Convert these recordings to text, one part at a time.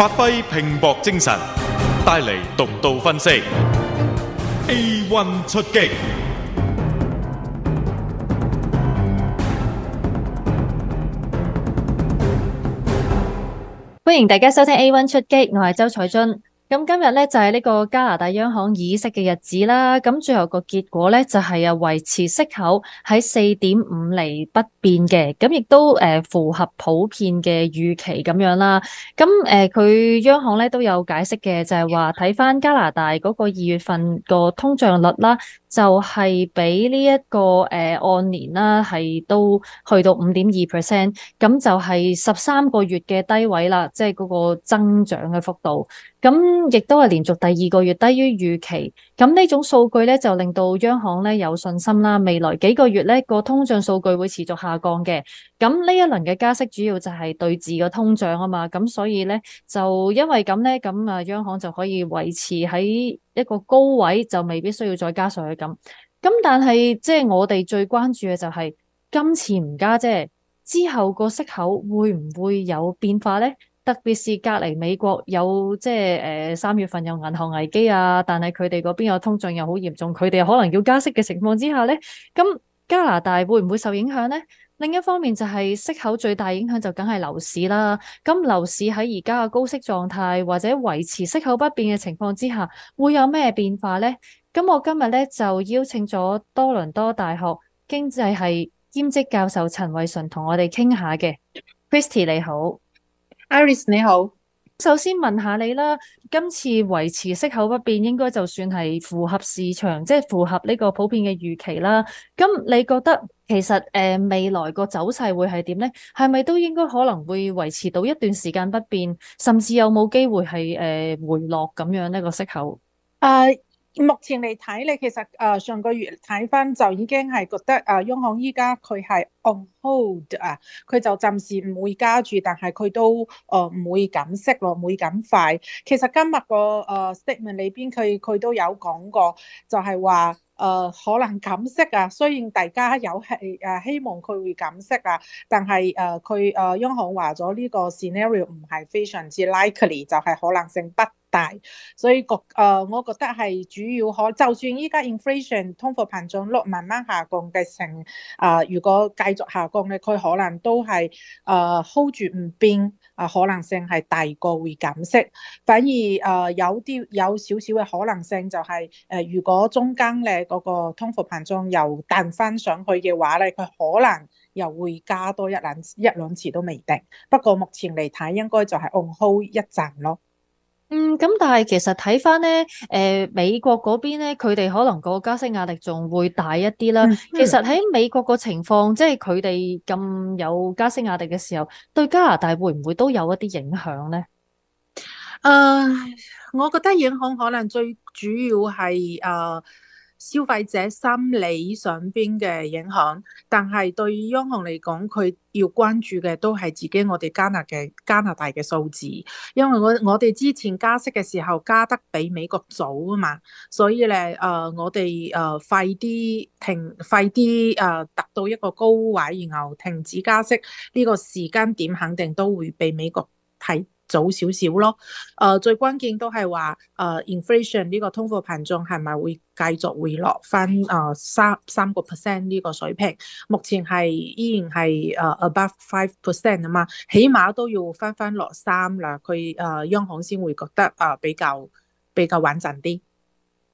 發揮拼搏精神，帶嚟獨到分析。A one 出擊，歡迎大家收聽 A one 出擊，我係周彩俊。今日咧就係呢個加拿大央行議息嘅日子啦，咁最後個結果咧就係啊維持息口喺四點五厘不變嘅，咁亦都符合普遍嘅預期咁樣啦。咁誒，佢央行咧都有解釋嘅，就係話睇返加拿大嗰個二月份個通脹率啦。就係俾呢一個誒、呃、按年啦，係都去到五點二 percent，咁就係十三個月嘅低位啦，即係嗰個增長嘅幅度，咁亦都係連續第二個月低於預期，咁呢種數據咧就令到央行咧有信心啦，未來幾個月咧個通脹數據會持續下降嘅，咁呢一輪嘅加息主要就係對峙個通脹啊嘛，咁所以咧就因為咁咧，咁啊央行就可以維持喺。一個高位就未必需要再加上去咁，咁但係即係我哋最關注嘅就係、是、今次唔加，啫，之後個息口會唔會有變化呢？特別是隔籬美國有即係呃、三月份有銀行危機啊，但係佢哋嗰邊個通脹又好嚴重，佢哋可能要加息嘅情況之下呢，咁加拿大會唔會受影響呢？另一方面就係息口最大影響就梗係樓市啦。咁樓市喺而家嘅高息狀態或者維持息口不變嘅情況之下，會有咩變化呢？咁我今日呢就邀請咗多倫多大學經濟系兼職教授陳偉純同我哋傾下嘅。Christie 你好，Iris 你好。首先問下你啦，今次維持息口不變，應該就算係符合市場，即係符合呢個普遍嘅預期啦。咁你覺得其實誒、呃、未來個走勢會係點呢？係咪都應該可能會維持到一段時間不變，甚至有冇機會係誒、呃、回落咁樣呢、呢個息口？啊、uh！目前嚟睇咧，其實誒上個月睇翻就已經係覺得誒央行依家佢係 on hold 啊，佢就暫時唔會加住，但係佢都誒唔會減息咯，唔會減快。其實今日個 statement 裏邊佢佢都有講過就，就係話誒可能減息啊。雖然大家有係誒希望佢會減息啊，但係誒佢誒央行話咗呢個 scenario 唔係非常之 likely，就係可能性不。大，所以個誒、呃，我覺得係主要可，就算依家 inflation 通貨膨脹率慢慢下降嘅成，啊、呃，如果繼續下降咧，佢可能都係誒、呃、hold 住唔變啊，可能性係大過會減息，反而誒、呃、有啲有少少嘅可能性就係、是、誒、呃，如果中間咧嗰個通貨膨脹又彈翻上去嘅話咧，佢可能又會加多一兩一兩次都未定。不過目前嚟睇，應該就係 on hold 一陣咯。嗯，咁但係其實睇翻咧，誒、呃，美國嗰邊咧，佢哋可能個加息壓力仲會大一啲啦。其實喺美國個情況，即係佢哋咁有加息壓力嘅時候，對加拿大會唔會都有一啲影響咧？誒、呃，我覺得影響可能最主要係誒。呃消費者心理上邊嘅影響，但係對央行嚟講，佢要關注嘅都係自己我哋加拿大嘅加拿大嘅數字，因為我我哋之前加息嘅時候加得比美國早啊嘛，所以咧誒我哋誒快啲停快啲誒達到一個高位，然後停止加息呢個時間點肯定都會被美國睇早少少咯，誒、呃、最關鍵都係話誒、呃、inflation 呢個通貨膨脹係咪會繼續回落返誒三三個 percent 呢個水平？目前係依然係誒、呃、above five percent 啊嘛，起碼都要返返落三啦，佢誒、呃、央行先會覺得誒、呃、比較比較穩陣啲。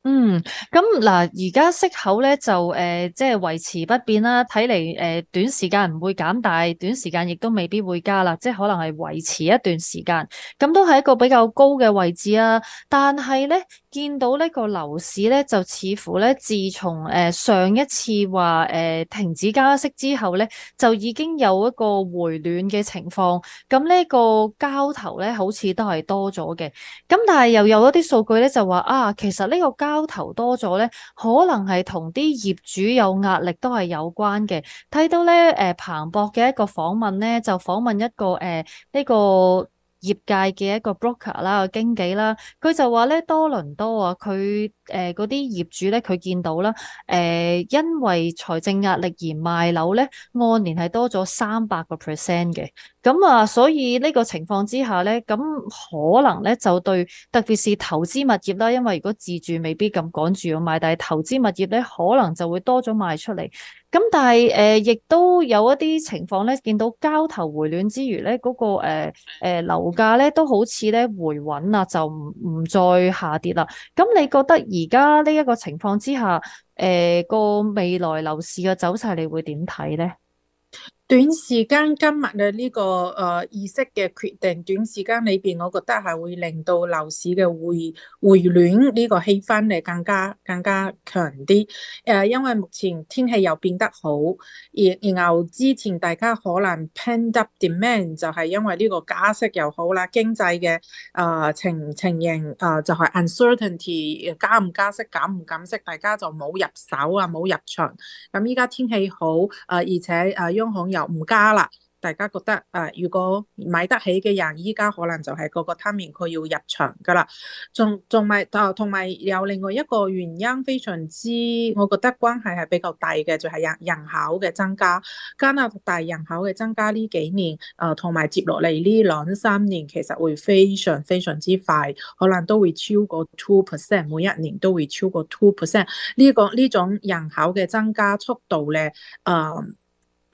嗯，咁嗱，而家息口咧就誒，即、呃、係、就是、維持不變啦。睇嚟誒，短時間唔會減大，但係短時間亦都未必會加啦。即係可能係維持一段時間，咁都係一個比較高嘅位置啊。但係咧。見到呢個樓市咧，就似乎咧，自從誒、呃、上一次話誒、呃、停止加息之後咧，就已經有一個回暖嘅情況。咁呢個交投咧，好似都係多咗嘅。咁但係又有一啲數據咧，就話啊，其實呢個交投多咗咧，可能係同啲業主有壓力都係有關嘅。睇到咧誒、呃，彭博嘅一個訪問咧，就訪問一個誒呢、呃呢個。業界嘅一個 broker 啦、經紀啦，佢就話咧，多倫多啊，佢誒嗰啲業主咧，佢見到啦誒、呃，因為財政壓力而賣樓咧，按年係多咗三百個 percent 嘅，咁啊，所以呢個情況之下咧，咁可能咧就對，特別是投資物業啦，因為如果自住未必咁趕住要賣，但係投資物業咧，可能就會多咗賣出嚟。咁但係誒，亦、呃、都有一啲情況呢見到交投回暖之餘呢嗰、那個誒誒、呃呃、樓價呢都好似呢回穩喇，就唔再下跌啦。咁你覺得而家呢一個情況之下，誒、呃、個未來樓市嘅走勢你會點睇呢？短時間今日嘅呢個誒意識嘅決定，短時間裏邊，我覺得係會令到樓市嘅回回暖呢個氣氛嚟更加更加強啲。誒，因為目前天氣又變得好，而而然後之前大家可能 pent-up demand 就係因為呢個加息又好啦，經濟嘅誒情情形誒、呃、就係、是、uncertainty 加唔加息減唔減息，大家就冇入手啊冇入場。咁依家天氣好，誒、呃、而且誒央、呃、行。又唔加啦，大家覺得啊、呃，如果買得起嘅人，依家可能就係嗰個 timing 佢要入場噶啦。仲仲咪啊，同埋有另外一個原因，非常之，我覺得關係係比較大嘅，就係、是、人人口嘅增加。加拿大人口嘅增加呢幾年啊，同、呃、埋接落嚟呢兩三年，其實會非常非常之快，可能都會超過 two percent，每一年都會超過 two percent。呢、這個呢種人口嘅增加速度咧，啊、呃、～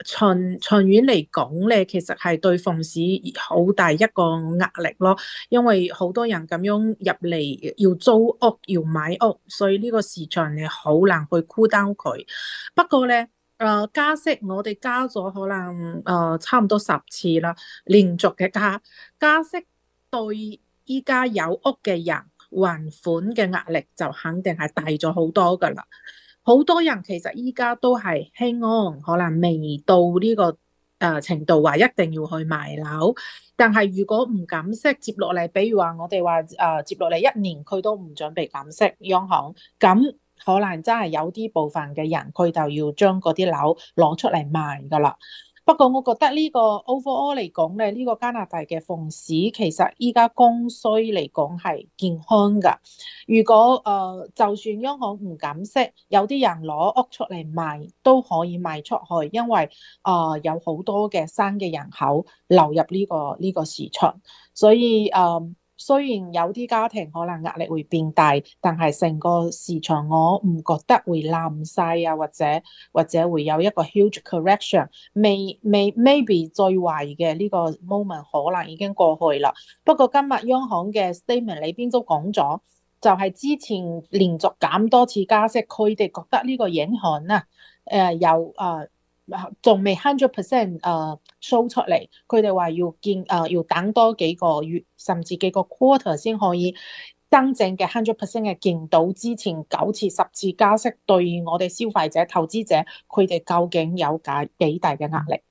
循循院嚟講咧，其實係對房市好大一個壓力咯，因為好多人咁樣入嚟，要租屋、要買屋，所以呢個市場你好難去箍 down 佢。不過咧，誒、呃、加息我哋加咗可能誒、呃、差唔多十次啦，連續嘅加加息對依家有屋嘅人還款嘅壓力就肯定係大咗好多噶啦。好多人其實依家都係 hang on，可能未到呢個誒程度話一定要去賣樓，但係如果唔減息，接落嚟，比如話我哋話誒接落嚟一年佢都唔準備減息，央行咁可能真係有啲部分嘅人佢就要將嗰啲樓攞出嚟賣噶啦。不過，我覺得呢個 overall 嚟講咧，呢、這個加拿大嘅房市其實依家供需嚟講係健康㗎。如果誒、呃，就算央行唔減息，有啲人攞屋出嚟賣都可以賣出去，因為誒、呃、有好多嘅新嘅人口流入呢、這個呢、這個市場，所以誒。呃雖然有啲家庭可能壓力會變大，但係成個市場我唔覺得會冧晒啊，或者或者會有一個 huge correction 未。未 may, 未 maybe 最壞嘅呢個 moment 可能已經過去啦。不過今日央行嘅 statement 裏邊都講咗，就係、是、之前連續減多次加息，佢哋覺得呢個影響啊，誒、呃、有啊。呃仲未 hundred percent，誒，show 出嚟，佢哋話要見，誒、呃，要等多幾個月，甚至幾個 quarter 先可以真正嘅 hundred percent 嘅見到之前九次十次加息對我哋消費者、投資者，佢哋究竟有解幾大嘅壓力？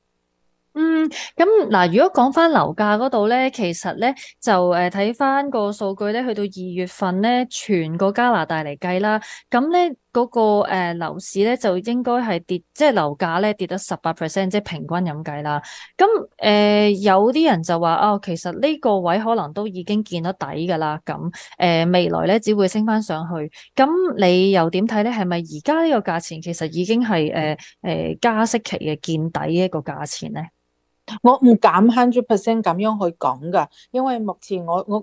嗯，咁嗱，如果講翻樓價嗰度咧，其實咧就誒睇翻個數據咧，去到二月份咧，全個加拿大嚟計啦，咁咧。嗰、那個誒、呃、樓市咧就應該係跌，即係樓價咧跌咗十八 percent，即係平均咁計啦。咁誒、呃、有啲人就話哦，其實呢個位可能都已經見得底㗎啦。咁誒、呃、未來咧只會升翻上去。咁你又點睇咧？係咪而家呢個價錢其實已經係誒誒加息期嘅見底一個價錢咧？我唔敢 hundred percent 咁樣去講噶，因為目前我我。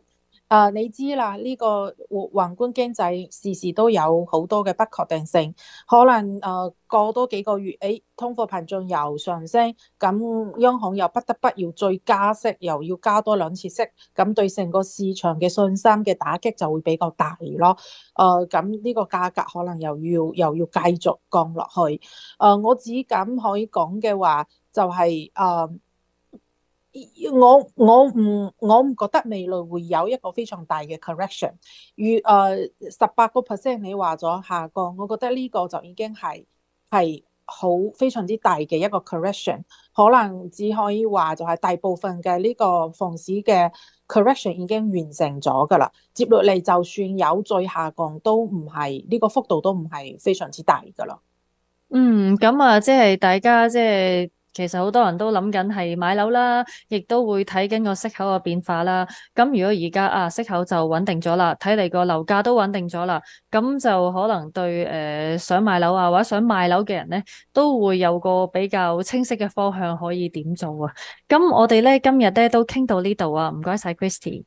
啊，你知啦，呢、這個宏宏觀經濟時時都有好多嘅不確定性，可能啊過多幾個月，誒通貨膨脹又上升，咁央行又不得不要再加息，又要加多兩次息，咁對成個市場嘅信心嘅打擊就會比較大咯。啊，咁呢個價格可能又要又要繼續降落去。啊，我只敢可以講嘅話就係、是、啊。我我唔我唔覺得未來會有一個非常大嘅 correction。如誒十八個 percent，你話咗下降，我覺得呢個就已經係係好非常之大嘅一個 correction。可能只可以話就係大部分嘅呢個房市嘅 correction 已經完成咗㗎啦。接落嚟就算有再下降，都唔係呢個幅度都唔係非常之大㗎啦。嗯，咁啊，即係大家即係。其實好多人都諗緊係買樓啦，亦都會睇緊個息口嘅變化啦。咁如果而家啊息口就穩定咗啦，睇嚟個樓價都穩定咗啦，咁就可能對、呃、想買樓啊或者想賣樓嘅人呢，都會有個比較清晰嘅方向可以點做啊。咁我哋咧今日呢都傾到呢度啊，唔該晒 Christy。